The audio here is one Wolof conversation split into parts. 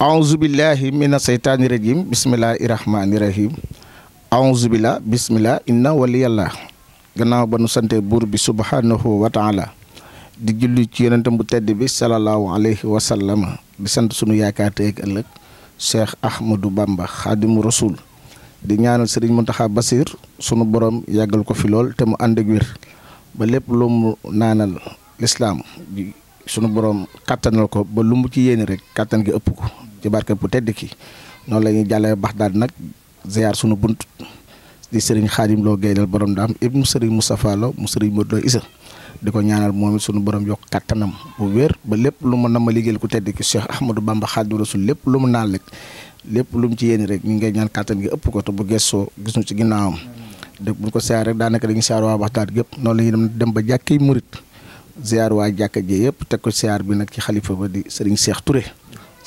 aouzubillahi mina seytaani rajim bisimilahi rahmaani rahim aouzubillah bisimilah inna wali yàlla gannaaw ba nu sante buur bi subhanahu wa taala di julli ci yonentam bu tedd bi salallaahu alayhi wa di sant sunu yaakaar tey ak ëllëg cheikh ahmadou bamba xaadimu rasul di ñaanal sëriñ Muntaxa Basir sunu borom yàggal ko fi lool te mu ànd ak wér ba lépp lu mu naanal lislaam sunu borom kàttanal ko ba lu mu ci yéene rek kàttan gi ëpp ko ci barke bu tedd ki noonu la ñuy jàllee Baxdaad nag ziar sunu bunt di Serigne loo Lo Gaydel borom daam ibnu Serigne Moustapha Lo mu Serigne Modou Lo Isa di ko ñaanal moom it sunu borom yokk kattanam bu wér ba lépp lu mu na ma liggéeyal ku tedd ki Cheikh Ahmadou Bamba Khadim Rasul lépp lu mu naan rek lépp lu mu ci yéen rek ñu ngi ñaan kattan gi ëpp ko te bu gëstoo gis ñu ci ginnaawam. de bu ñu ko siyaar rek daanaka dañuy siyaar waa Baxdaad gépp noonu la ñuy dem ba jàkkee murit ziar waa jàkka ji yëpp teg ko siyaar bi nag ci xalifa ba di Serigne Cheikh Touré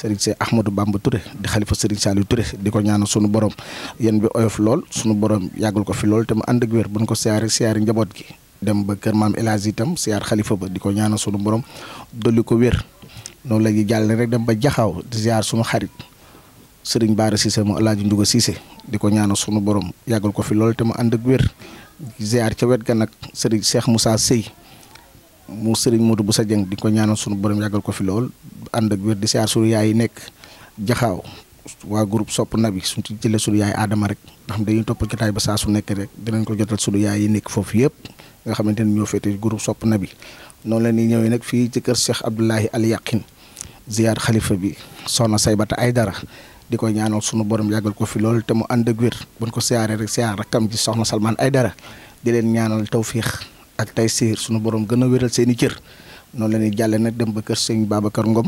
sëriñ si Ahmadou Bamba Touré di xalifa sëriñ di ko ñaanal sunu borom yéen bi oyof lool sunu borom yàggal ko fi lool te mu ànd ak ko siyaaree siyaari njaboot gi dem ba kër maam El Hadj itam siyaar xalifa ba di ko ñaanal sunu borom dolli ko wér noonu la jàll rek dem ba jaxaaw di siyaar xarit sëriñ Baara Cissé mu El Hadj Nduga Cissé di ko ñaanal sunu borom yàggal ko fi lool te mu ànd ak wér ziar ca wet ga nag sëriñ Cheikh Moussa Seye mu sëriñ Modou Bousso Dieng di ko ñaanal sunu borom yàggal ko fi lool ànd ak wér di siyaar sunu yi nekk jaxaaw waa groupe sopp nabi suñ ci jëlee sunu aadama rek nga xam topp jotaay ba saa su nekk rek dinañ ko jotal sunu yi nekk foofu yëpp nga xamante ni ñoo féete groupe sopp nabi noonu la ñuy ñëwee nag fii ci kër Cheikh Abdoulahi Al Yaqin ziyaar xalifa bi soxna Saybata Aydara di ko ñaanal sunu borom yàggal ko fi lool te mu ànd ak wér buñ ko siyaaree rek siyaar rakkam ji soxna ay dara di leen ñaanal tawfiix ak tey siir suñu boroom gën a wéral seen i cër noonu la ñuy jàlle nag dem ba kër sëñ Babacar Ngom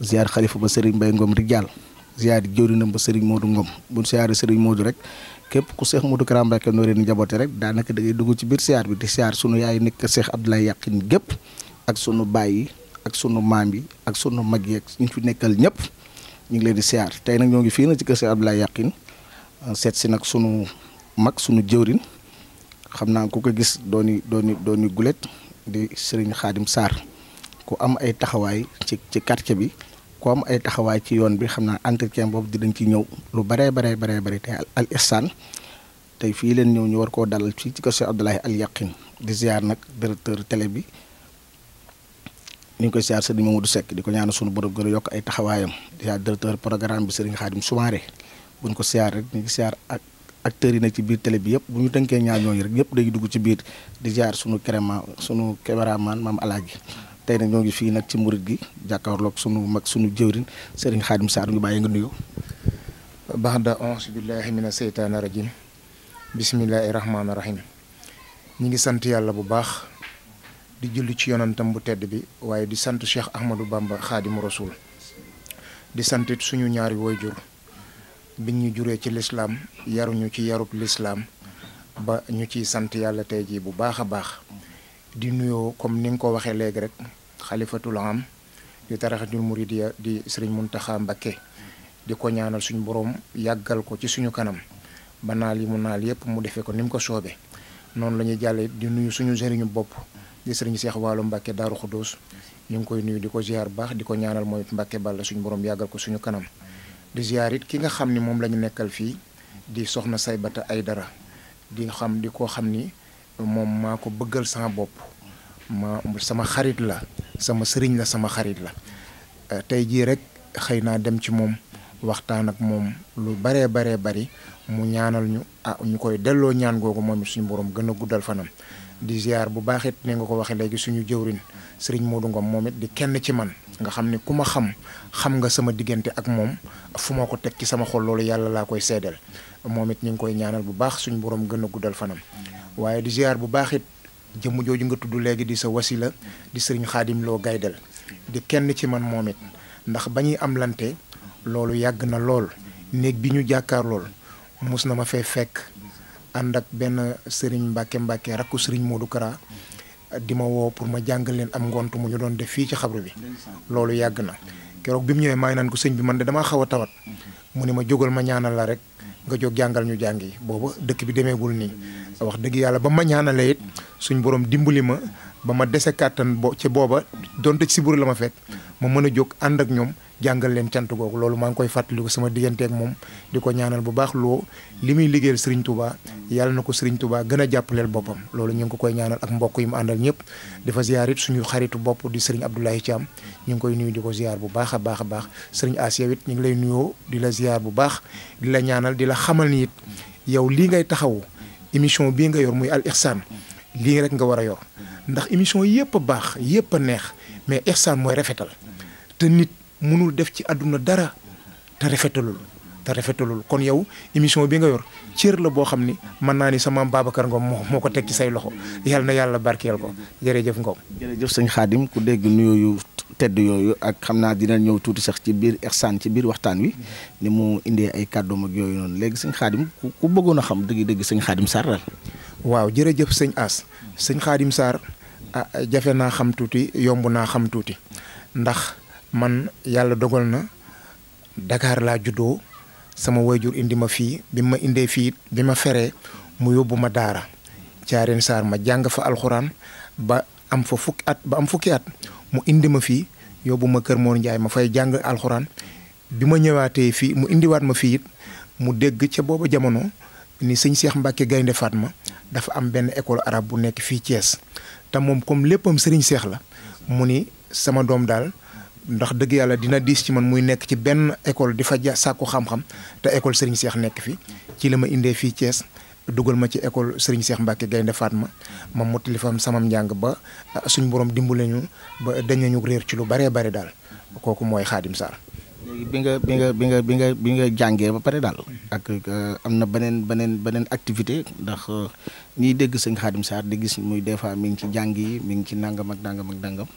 ziar xalifa ba sëriñ Mbay Ngom di jàll ziar yi jëwrinam ba sëriñ Modou Ngom buñ siyaaree sëriñ moodu rek képp ku seex Modou Kara Mbacké noo leen njaboote rek daanaka da ngay dugg ci biir siyaar bi di siyaar sunu yaay nekk seex Abdoulaye Yàqin gépp ak sunu baay yi ak sunu maam yi ak sunu mag yi ak ñu fi nekkal ñëpp ñu ngi leen di siyaar tey nag ñoo ngi fii na ci kër seex Abdoulaye Yàqin seet si nag sunu mag sunu jëwrin xam naa ku ko gis dooni dooni dooni gulet di sëriñ xaadim Sarr ku am ay taxawaay ci ci quartier bi ku am ay taxawaay ci yoon bi xam naa entretien boobu dinañ ci ñëw lu bare baree baree bare te al ihsan tey fii leen ñëw ñu war koo dalal ci ci ko Cheikh Abdoulaye Al Yakhine di ziar nag directeur télé bi ñu ngi koy ziar sëriñ Mamadou sekk di ko ñaanal sunu borom gën a yokk ay taxawaayam di ziar bi sëriñ Xaadim Soumaré buñ ko ziar rek ñu ngi ziar ak acteurs yi nekk ci biir télé bi yëpp bu ñu tënkee ñaar ñooñu rek ñëpp day dugg ci biir di jaar suñu créma sunu caméraman maam alaaji tey nag ñoo ngi fii nag ci murit gi jàkkaarloog suñu mag suñu jëwrin sëriñ xaadim Sarr ñu bàyyi nga nuyu baxda onze billahi mina seytaani rajim bismillahi rahmaani rahim ñi ngi sant yàlla bu baax di julli ci yonantam bu tedd bi waaye di sant Cheikh Ahmadou Bamba xaadimu rasul di santit suñu ñaari woyjur biñ ñu juree ci lislaam yaruñu ci yarub lislaam ba ñu ciy sant yàlla tey jii bu baax a baax di nuyoo comme ni nga ko waxee léegi rek xalifatul am di taraxatul muridiya di sëriñ Muntaxa Mbakke di ko ñaanal suñu borom yàggal ko ci suñu kanam ba naal yi mu naal yépp mu defee ko ni mu ko soobee noonu la ñuy jàllee di nuyu suñu sëriñu bopp di sëriñ Seex Waalo Mbakke Daaru Xuddoos ñu ngi koy nuyu di ko ziar baax di ko ñaanal mooy Mbakke Balla suñu borom yàggal ko suñu kanam di ziar it ki nga xam ni moom la ñu nekkal fii di soxna Saybata dara di xam di ko xam ni moom maa ko bëggal sama bopp ma sama xarit la sama sëriñ la sama xarit la euh, tey jii rek xëy naa dem ci moom waxtaan ak moom lu baree baree bari mu ñaanal ñu ah ñu koy delloo ñaan googu moom it suñu borom gën a guddal fanam di ziar bu baax it ne nga ko waxee léegi suñu jëwrin sëriñ Modou Ngom moom it di kenn ci man. nga xam ne ku ma xam xam nga sama diggante ak moom fu ma ko teg ci sama xol loolu yàlla laa koy seedeel moom it ñu ngi koy ñaanal bu baax suñu borom gën a guddal fanam waaye di ziar bu baax it jëmm jooju nga tudd léegi di sa wasila di sëriñ xaadim loo gaydel di kenn ci man moom it ndax ba ñuy am lante loolu yàgg na lool néeg bi ñu jàkkaar lool mus na ma fay fekk ànd ak benn sëriñ mbàkke mbàkke rakku sëriñ Modou Kara di ma woo pour ma jàngal leen am ngont mu ñu doon def fii ci xabru bi loolu yàgg na keroog bi mu ñëwee maa ngi naan ko sëñ bi man de damaa xaw a tawat mu ne ma jógal ma ñaanal la rek nga jóg jàngal ñu jàng yi booba dëkk bi demeegul nii wax dëgg yàlla ba ma ñaanalee it suñ borom dimbali ma ba ma dese kàttan bo ci booba donte ci siburu la ma fekk ma mën a jóg ànd ak ñoom jàngal leen cant googu loolu maa ngi koy fàttaliku sama diggante ak moom di ko ñaanal bu baax loo li muy liggéeyal Serigne Touba yàlla na ko Serigne Touba gën a jàppaleel boppam loolu ñu ngi ko koy ñaanal ak mbokk yi mu àndal ñëpp dafa fa ziar it suñu xaritu bopp di Serigne Abdoulaye Thiam ñu ngi koy nuyu di ko ziar bu baax a baax a baax Serigne Asia it ñu ngi lay nuyoo di la ziar bu baax di la ñaanal di la xamal ni it yow lii ngay taxawu émission bii nga yor muy Al Ihsan lii rek nga war a yor ndax émission yëpp a baax yëpp a neex mais ihsaan mooy rafetal te nit mënul def ci àdduna dara te rafetalul te rafetalul kon yow émission bi nga yor cër la boo xam ni mën naa ni sa maam Babacar Ngom moo ko teg ci say loxo yal na yàlla barkeel ko jërëjëf Ngom. jërëjëf sëñ Xaadim ku dégg nuyooyu tedd yooyu ak xam naa dina ñëw tuuti sax ci biir ihsaan ci biir waxtaan wi ni mu indee ay kàddoom ak yooyu noonu léegi sëñ Xaadim ku bëggoon a xam dëgg-dëgg sëñ Xaadim Sarr waaw Xaadim Sarr Ah, jafe naa xam tuuti yomb naa xam tuuti ndax man yàlla dogal na Dakar laa juddoo sama wayjur indi ma fii bi ma indee fii bi ma feree mu yóbbu ma daara caareen saar ma jàng fa alxuraan ba am fa fukki at ba am fukki at mu indi ma fii yóbbu ma Kër moo Ndiaye ma fay jàng alxuraan bi ma ñëwaatee fii mu indiwaat ma fii it mu dégg ca booba jamono ni sëñ Cheikh Mbacke Gaynde ma dafa am benn école arabe bu nekk fii Thiès te moom comme léppam sëriñ seex la mu ni sama doom daal ndax dëgg yàlla dina diis ci man muy nekk ci benn école di fa ja sàkku xam-xam te école sëriñ seex nekk fi ci li ma indee fii cees dugal ma ci école sëriñ seex Mbacke Gaynde Fatma ma mottali fam samam njàng ba suñu borom dimbale ñu ba dañu ñu réer ci lu baree bare daal kooku mooy Xaadim Sarr léegi bi nga bi nga bi nga bi nga jàngee ba pare daal. ak euh, am na beneen beneen beneen activité ndax euh, ñiy dégg sëñ Xaadim Sarr di gis muy des fois mi ngi ci jàng yi mi ngi ci nangam ak nangam ak nangam.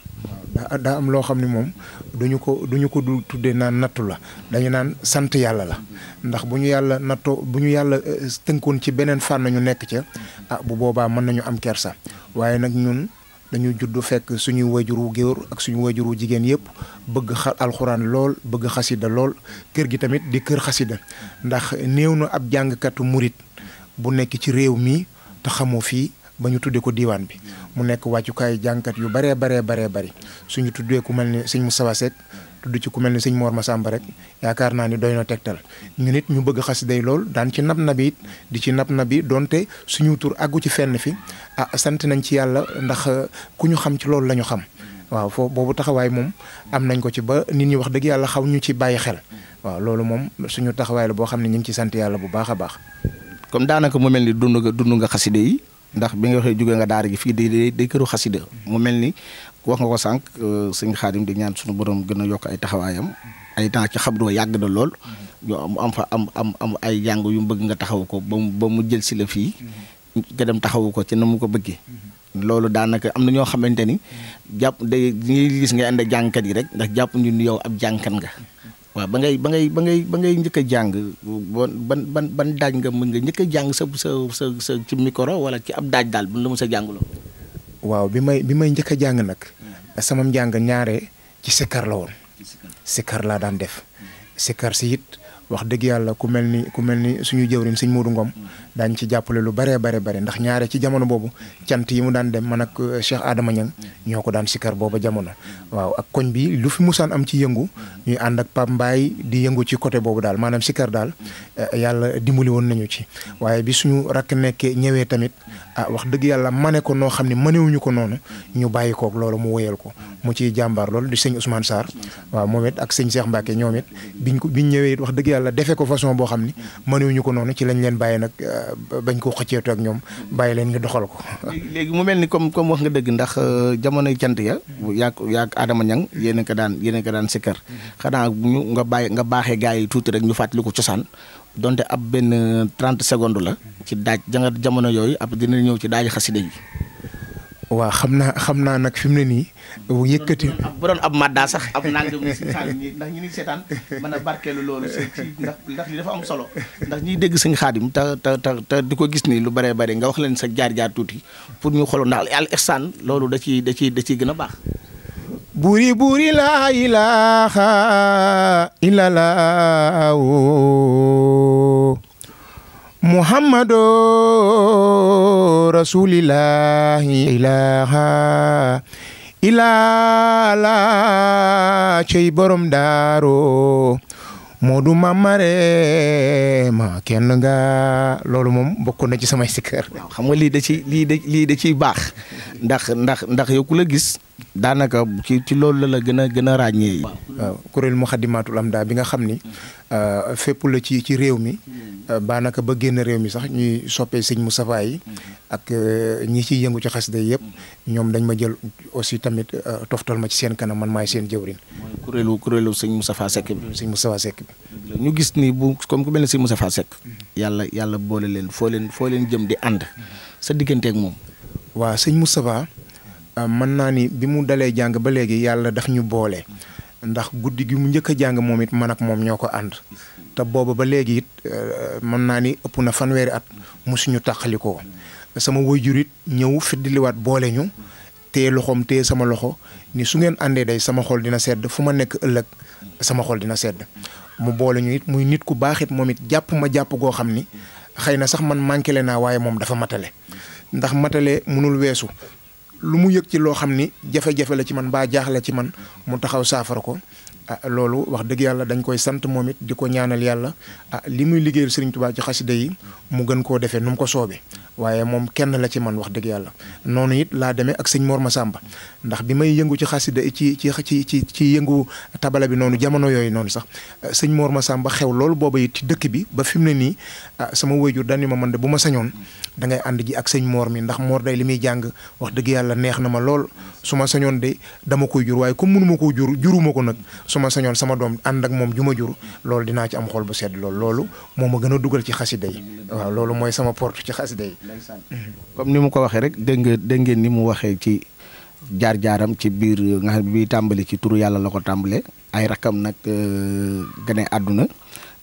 waaw daa am loo xam ne moom duñu ko duñu ko du tuddee naan nattu la dañu naan sant yàlla la ndax bu ñu yàlla nattoo bu ñu yàlla euh, tënkoon ci beneen fànn ñu nekk ca ah bu boobaa mën nañu am kersa waaye nag ñun. dañu juddu fekk suñu wajuru góor ak suñu wajuru jigéen yëpp bëgg xa alxuraan lool bëgg xasida lool kër gi tamit di kër xasida ndax néew na ab jàngkatu murit bu nekk ci réew mi te xamu fii ba ñu tuddee ko diiwaan bi mu nekk wàccukaayu jàngkat yu baree baree baree bari suñu tuddee ku mel ni sëñ Moustapha Seck tudd ci ku mel ni sëñ Mor sàmba rek yaakaar naa ni doy na tegtal ñu nit ñu bëgg xas day lool daan ci nab nabi it di ci nab nabi donte suñu tuur àggu ci fenn fi ah sant nañ ci yàlla ndax euh, ku ñu xam ci loolu la ñu xam waaw foofu boobu taxawaay moom am nañ ko ci ba nit ñi wax dëgg yàlla xaw ñu ci bàyyi xel waaw loolu moom suñu taxawaay la boo xam ne ñu ngi ci sant yàlla bu baax a baax. comme daanaka mu mel ni dund nga dund nga xaside yi ndax bi nga waxee jóge nga daara ji fii day day këru xasida mu mel ni ku wax nga ko sànq euh, sëñ Xaadim di ñaan suñu borom gën a yokk ay taxawaayam ay temps ci xabdoo yàgg na lool yo mu am fa am am am ay jàng yu mu bëgg nga taxaw ko ba mu ba mu jël si la fii nga dem taxawu ko ci na mu ko bëggee loolu daanaka am na ñoo xamante ni jàpp day ñuy gis ngay ànd ak jàngkat yi rek ndax jàpp ñu yow ab jàngkat nga waaw ba ngay ba ngay ba ngay ba ngay njëkk a jàng ban ban ban daaj nga mën nga njëkk a jàng sa sa sa sa ci micro wala ci ab daaj daal bu la mu a jàngloo. waaw bi may bi may njëkk a jàng nag. Hmm. sama njàng ñaare ci sikkar la woon. sikkar laa daan def. sikkar si it wax dëgg yàlla ku mel ni ku mel ni suñu jëwriñ sëñ Modou Ngom daañ ci jàppale lu baree bare bare ndax ñaare ci jamono boobu cant yi mu daan dem man ak euh, Cheikh Adama Niang ñoo ko daan sikkar booba jamono waaw ak koñ bi lu fi musaan am ci yëngu ñuy ànd ak Pape Mbaye di yëngu ci côté boobu daal maanaam sikkar daal euh, yàlla dimbali woon nañu ci waaye bi suñu rakk nekkee ñëwee tamit ah wax dëgg yàlla mane ko noo xam ne manewuñu ko noonu ñu bàyyi koog loolu mu woyal ko mu ci jàmbaar loolu di sëñ Ousmane Sarr waaw moom it ak sëñ Cheikh Mbacke ñoom yàlla defee ko façon boo xam ni mënuñu ko noonu ci lañ leen bàyyi nag euh, bañ koo xëcceetu ak ñoom bàyyi leen nga doxal ko. léegi mu mel ni comme comme wax nga dëgg ndax euh, jamonoy cant ya. yaa yaa Adama Niang yéen a ko daan yéen a ko daan sikkar xanaa ñu nga bàyyi nga baaxee gars yi tuuti rek ñu fàttali ko cosaan. donte ab benn trente secondes la. ci daaj janga jamono yooyu ab dina ñëw ci daaj xasida yi waaw xam naa xam naa nag fi mu ne nii. yëkkati bu doon ab madda sax. ab naa si xaadim ngi seetaan mën a barkeelu loolu si ndax ndax dafa am solo ndax ñuy dégg sëñ xaadim te te te te di ko gis nii lu bëree bëri nga wax leen sa jaar jaar tuuti pour ñu xool ndax al ihsaan loolu da ciy da ciy da ciy gën a baax. buri buri laa ilaaha muhammadu rasulillahi ilaha ilala cey borom daaro du mamare ma kenn nga loolu moom bokkoon na ci samay sikkër waaw xam nga lii da ci lii da lii da ciy baax ndax ndax ndax ku la gis daanaka ci ci loolu la la gën a gën a ràññee waaw kuréel mu xadimaatul am daa bi nga xam ni mm. euh, fépp la ci ci réew mi mm. Euh, baanaka ba génn réew mi sax ñuy soppee sëñ Moustapha yi ak euh, ñi ciy yëngu ci xasida yëpp ñoom dañ ma jël aussi tamit euh, toftal ma ci seen kanam man maay seen jëwrin kuréelu kuréelu sëñ Moustapha Seck bi sëñ Moustapha Seck bi ñu gis ni bu comme ku mel ne sëñ Moustapha Seck yàlla yàlla boole leen foo leen foo leen jëm di ànd sa diggante ak moom waa sëñ Moustapha mën naa ni bi mu dalee jàng ba léegi yàlla daf ñu boole ndax guddi gi mu njëkk a jàng moom it man ak moom ñoo ko ànd te booba ba léegi it euh, mën naa ni ëpp na fanweeri at mu mosuñu tàqalikoo sama waajur it ñëw fiddiliwaat boole ñu te loxoom téye sama loxo ni su ngeen àndee day sama xol dina sedd fu ma nekk ëllëg sama xol dina sedd mu boole ñu it muy nit ku baax it moom it jàpp ma jàpp goo xam ni xëy na sax man manqué naa waaye moom dafa matale ndax matale mënul weesu lu mu yëg ci loo xam ni jafe-jafe la ci man baa jaaxle ci man mu taxaw saafara ko ah loolu wax dëgg yàlla dañ koy sant moom it di ko ñaanal yàlla ah li muy liggéeyal Serigne Touba ci xasida yi mu gën koo defee nu mu ko soobee waaye moom kenn la ci man wax dëgg yàlla noonu it laa demee ak sëñ ma sàmba ndax bi may yëngu ci xasida ci ci ci ci ci yëngu tabala bi noonu jamono yooyu noonu sax eh, sëñ Mor Masamba xew loolu booba it ci dëkk bi ba fi mu ne nii ah, sama wayjur dañu ma man de bu ma sañoon da ngay ànd ak sëñ Mor mi ndax Mor day li muy jàng wax dëgg yàlla neex na ma lool su sañoon de dama koy jur waaye comme mënuma koo jur juruma ko nag su ma sañoon sama doom ànd ak moom ju ma jur loolu dinaa ci am xol bu sedd lool loolu moo ma gën a dugal ci xasida yi waaw loolu mooy sama porte ci xasida yi Mhm. comme ni mu ko waxee rek dégg nga ni mu waxee ci jaar-jaaram ci biir euh, nga xam bi tàmbali ci turu yàlla la ko tàmbalee ay rakkam nag euh, gane àdduna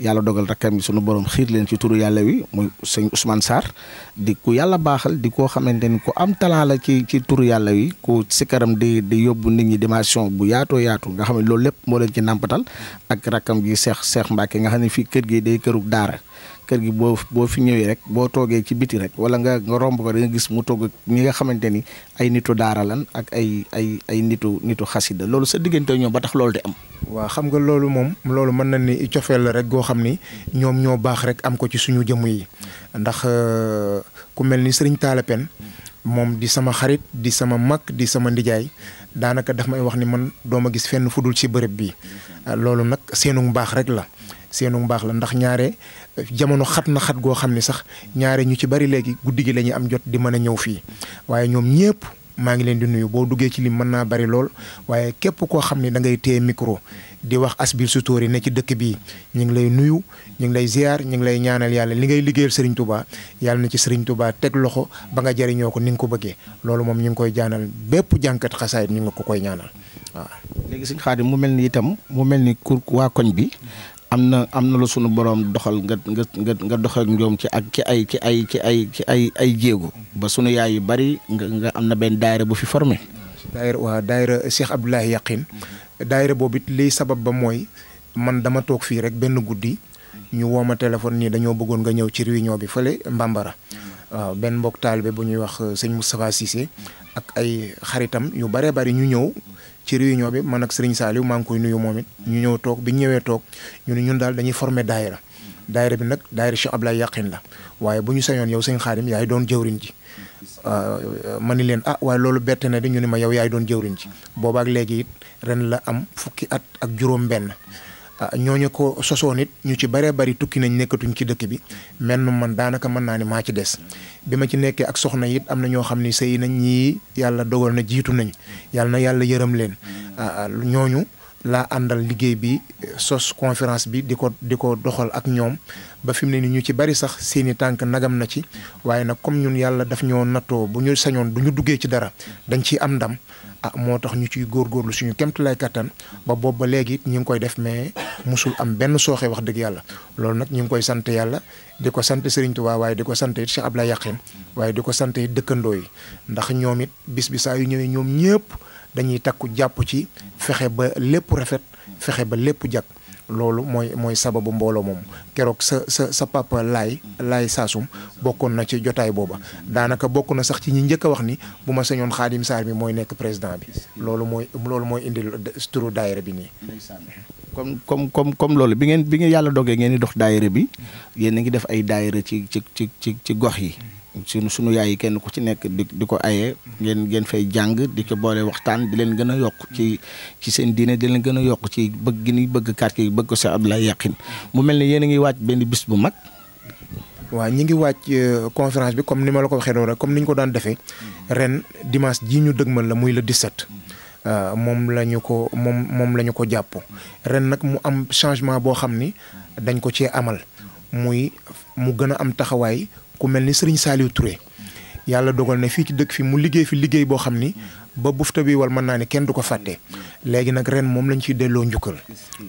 yàlla dogal rakkam yi sunu borom xiir leen ci turu yàlla wi muy sëñ Ousmane Sarr di ku yàlla baaxal di koo xamante ni ku am talaa la ci ci turu yàlla wi ku sikaram di di yóbbu nit ñi dimension bu yaatoo yaatu nga xam ne loolu lépp moo leen ci nàmpatal ak rakkam gi Cheikh Cheikh Mbacke nga xam ne fii kër gi day kërug daara kër gi boo boo fi ñëwee rek boo toogee ci biti rek wala nga nga romb ko da gis mu togg ñi nga xamante ni ay nitu daara lan ak ay ay ay nitu nitu xasida loolu sa diggante ñoom ba tax di am. waaw xam nga loolu moom loolu mën na ni cofeel rek goo xam ni ñoom ñoo baax rek am ko ci suñu jëm yi ndax euh, ku mel ni sëriñ Talla moom di sama xarit di sama mag di sama ndijaay daanaka daf may wax ni man doo ma gis fenn fudul ci bërëb bi loolu nag seenu baax rek la. seenu mbaax la ndax ñaare jamono xat na xat goo xam ne sax ñaare ñu ci bari léegi guddi gi la am jot di mën a ñëw fii waaye ñoom ñépp maa ngi leen di nuyu boo duggee ci li mën naa bari lool waaye képp koo xam ne dangay ngay téye micro di wax Asbir Sutóor yi ne ci dëkk bi ñu ngi lay nuyu ñu ngi lay ziar ñu ngi lay ñaanal yàlla li ngay liggéeyal Serigne Touba yàlla na ci Serigne Touba teg loxo ba nga jariñoo ko ni nga ko bëggee loolu moom ñu ngi koy jaanal bépp jànkat xasaayit ñu ko koy ñaanal am na am na lu sunu borom doxal nga nga nga nga doxal ñoom ci ak ki ay ci ay ci ay ci ay ay jéego ba sunu yaay yu bari nga nga am na benn daayira bu fi formé. daayira waaw daayira Cheikh Abdoulaye Yaqin daayira boobu it liy sabab ba mooy man dama toog fii rek benn guddi ñu woo ma téléphone nii dañoo bëggoon nga ñëw ci réunion bi fële Mbambara. waaw benn mbokk taalibe bu ñuy wax sëñ Moustapha Cissé ak ay xaritam yu baree bari ñu ñëw. ci réunion bi man ak Serigne Saliou maa koy nuyu moom it ñu ñëw toog bi ñëwee toog ñu ni ñun daal dañuy former daayira daayira bi nag daayira Cheikh Ablaye Yaqin la waaye bu ñu sañoon yow sëñ Xaadim yaay doon jëwriñ ji euh, ma ni leen ah waaye loolu bette na di ñu ni ma yow yaay doon jëwriñ ji boobaak léegi it ren la am fukki at ak juróom benn Ah, ñooñu ko sosoon it ñu ci bëree bari tukki nañ nekkatuñ ci dëkk bi mel nu man daanaka mën naa ni maa ci des bi ma ci nekkee ak soxna it am na ñoo xam ni sëy nañ ñii yàlla dogal na jiitu nañu yàlla na yàlla yërëm leen ah, ah, ñooñu laa àndal liggéey bi sos conférence bi di ko di ko doxal ak ñoom ba fi mu ne ni ñu ci bari sax seeni tànk nagam na ci waaye nag comme ñun yàlla daf ñoo nattoo bu ñu sañoon du ñu duggee ci dara dañ ciy am ndam ah moo tax ñu ciy góor góorgóorlu suñu kemtalaay kattan ba boobu ba léegi ñu ngi koy def mais mosul am benn sooxe wax dëgg yàlla loolu nag ñu ngi koy sant yàlla di ko sant Serigne Touba waaye di ko sant it ab Abdoulaye Yakhine waaye di ko sant it dëkkandoo yi ndax ñoom it bis bi saa yu ñëwee ñoom ñëpp dañuy takku jàpp ci fexe ba lépp rafet fexe ba lépp jàkk loolu mooy mooy sababu mbooloo moom keroog sa sa sa papa laay laay saasum bokkoon na ci jotaay booba daanaka bokk na sax ci ñi njëkk a wax ni bu ma sañoon xaadim saar bi mooy nekk président bi loolu mooy loolu mooy indi turu daayira bi nii comme comme comme comme loolu bi ngeen bi ngeen yàlla dogee ngeen di dox daayira bi yéen a ngi def ay daayira ci ci ci ci ci gox yi suñu yaay yi kenn ku ci nekk di ko ayee ngeen ngeen fay jàng di ko boole waxtaan di leen gën a yokk ci ci seen diine di leen gën a yokk ci bëgg gi ni bëgg quartier yi bëgg ko ab Abdoulaye Yakhine mu mel ni yéen a ngi waaj benn bis bu mag. waaw ñi ngi wàcc euh, conférence bi comme ni ma la ko waxee noonu rek comme ni ñu ko daan defee ren dimanche ji ñu dëgmal la muy le 17. Euh, moom la ñu ko moom moom la ko jàpp ren nag mu am changement boo xam ni dañ ko cee amal muy mu gën a am taxawaay ku mel ni Serigne Saliou ture yàlla dogal na fii ci dëkk fi mu liggéey fi liggéey boo xam ni ba bufta bi wal mën naa ne kenn du ko fàtte léegi nag ren moom lañ ciy delloo njukkal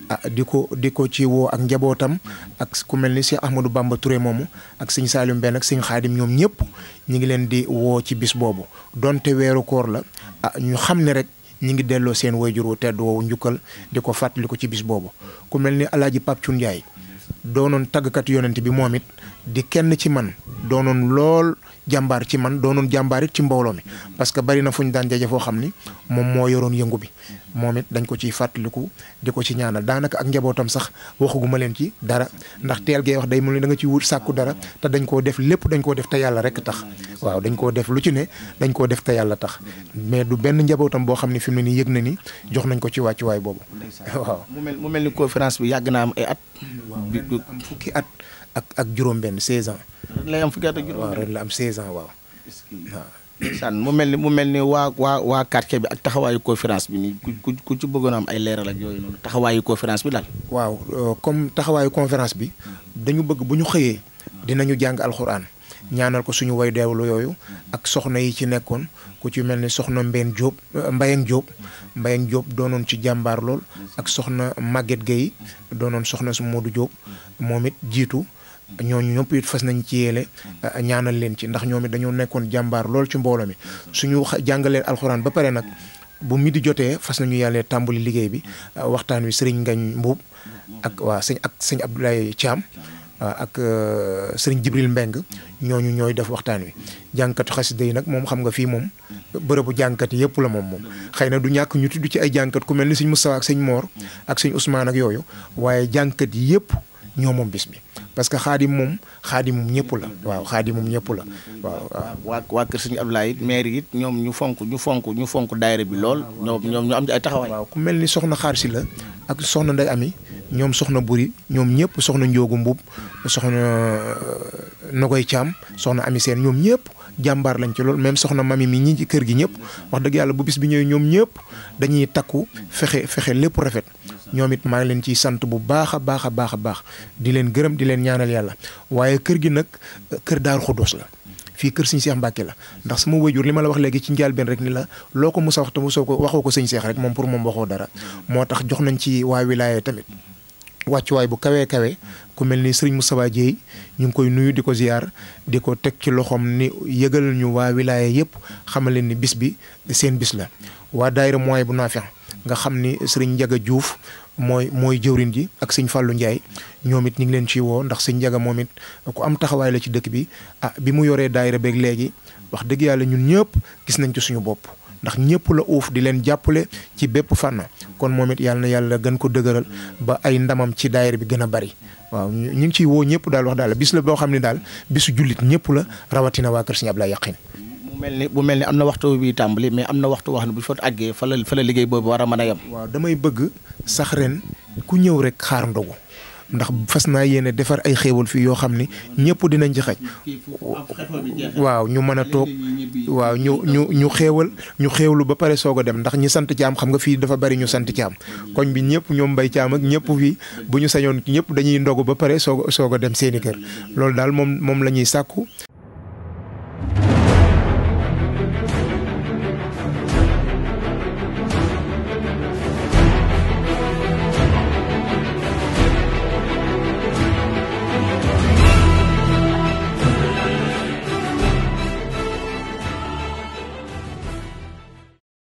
ah di ko di ko ci woo ak njabootam ak ku mel ni si Ahmadou Bamba Touré moomu ak sëñ Saliou Mbène ak sëñ Xaadim ñoom ñëpp ñi ngi leen di woo ci bis boobu donte weeru koor la ah, ñu xam ne rek ñi ngi delloo seen wayjur wu tedd woowu njukkal di ko fàttali ko ci bis boobu ku mel ni Alaaji Pape Thioune doonoon tàggkat yonent bi moom it di kenn ci man doonoon lool jàmbaar ci man doonoon jàmbaar it ci mbooloo mi parce que bari na fu ñu daan jaje foo xam ni moom moo yoroon yëngu bi moom it dañ ko ciy fàttaliku di ko ci ñaanal daanaka ak njabootam sax waxaguma leen ci dara ndax teel gee wax day mu ne da nga ci wut sàkku dara te dañ koo def lépp dañ koo def te yàlla rek tax waaw dañ koo def lu ci ne dañ koo def te yàlla tax mais du benn njabootam boo xam ne fi mu ne nii yëg na ni jox nañ ko ci waay boobu waaw. mu mel mu mel ni conférence bi yàgg naa am at. am fukki at ak ak juróom-benn 16 ans. ren lay am fukki at ak juróom-benn waaw am waaw. sàn mu mel ni mu mel ni waa waa waa quartier bi ak taxawaayu conférence bi nii ku ku ci bëggoon am ay leeral ak yooyu noonu taxawaayu conférence bi daal. waaw euh, comme taxawaayu conférence bi dañu bëgg bu ñu xëyee dinañu jàng alxuraan ñaanal ko suñu way deewlu yooyu ak soxna yi ci nekkoon ku ci mel ni soxna Mbène Diop euh, Mbayang Diop Mbayang Diop doonoon ci jàmbaar lool ak soxna Maguette Gueye doonoon soxna su Modou Diop moom it jiitu. ñooñu ñëpp it fas nañ ci mm. euh, ñaanal leen ci ndax ñoom it dañoo nekkoon jàmbaar lool ci mbooloo mi suñu jàngaleen alxuraan ba pare nag bu midi jotee fas nañu yàlla tàmbali liggéey bi mm. euh, waxtaan wi sëriñ Ngañ Mbuub ak mm. waa sëñ ak sëñ Abdoulaye Thiam ak euh, sëriñ Jibril Mbeng ñooñu ñooy def waxtaan wi jànkatu xasida yi nag moom xam nga fii moom bërëbu jànkat yëpp la moom moom xëy na du ñàkk ñu tudd ci ay jànkat ku mel ni sëñ Moustapha ak sëñ Moor ak sëñ Ousmane ak yooyu waaye jànkat yi yëpp ñoo moom bis bi parce que xaadim moom xaadim ñëpp la waaw xaadim moom ñëpp la waaw waa waa kër sëñ Abdoulaye yit maire it ñoom ñu fonk ñu fonk ñu fonk daayira bi lool ñoom ñoom ñu am ay taxawaay ku mel ni soxna xaar si la ak soxna nday ami ñoom soxna buri ñoom ñëpp soxna njoogu mbub soxna euh, Nogoy Caam soxna ami seen ñoom ñëpp jàmbaar lañ ci loolu même soxna mami mi ñi ci kër gi ñëpp wax dëgg yàlla bu bis bi ñëwee ñoom ñëpp dañuy takku fexe fexe lépp rafet ñoom it maa ngi leen ciy sant bu baax a baax a baax a baax di leen gërëm di leen ñaanal yàlla waaye kër gi nag kër Daaru Xudoos la fii kër sëñ Seex Mbàkke la ndax sama wajur li ma la wax léegi ci njëlbéen rek ni la loo ko musa wax te musoo ko waxoo ko sëñ Seex rek moom pour moom waxoo dara moo tax jox nañ ci waaye wilaaye tamit wàccuwaay bu kawee kawe ku mel ni Serigne Moustapha Dieye ñu ngi koy nuyu di ko ziar di ko teg ci loxoom ni yëgal ñu waa wilaya yëpp xamal leen ni bis bi seen bis la. waa daayira mooy bu naafi nga xam ni Serigne Ndiaga juuf mooy mooy jëwrin ji ak sëñ Fallou Ndiaye ñoom it ñu ngi leen ciy woo ndax sëñ Ndiaga moom it ku am taxawaay la ci dëkk bi ah bi mu yoree daayira beeg léegi wax dëgg yàlla ñun ñëpp gis nañ ci suñu bopp. ndax ñëpp la uuf di leen jàppale ci bépp fànn kon moom it yàlla yàlla gën ko dëgëral ba ay ndamam ci daayira bi gën a bari waaw ñu ngi ciy woo ñëpp daal wax daal bis la boo xam ne daal bisu jullit ñëpp la rawatina waa Kër si Ablaye Yaqin. mu mel ni bu mel ni am na waxtu bi tàmbali mais am na waxtu wax ne bu fa àggee fa la liggéey boobu war a mën a yem. waaw damay bëgg sax ren ku ñëw rek xaar ndogu ndax fas naa yéene defar ay xéewal fii yoo xam ni ñëpp dinañ ci waaw ñu mën a toog waaw ñu ñu ñu xéewal ñu xéewlu ba pare soog a dem ndax ñi sant caam xam nga fii dafa bari ñu sant caam koñ bi ñëpp ñoom mbay caam ak ñëpp fii bu ñu sañoon ñëpp dañuy ndogu ba pare soog soog a dem seeni kër loolu daal moom moom la ñuy sàkku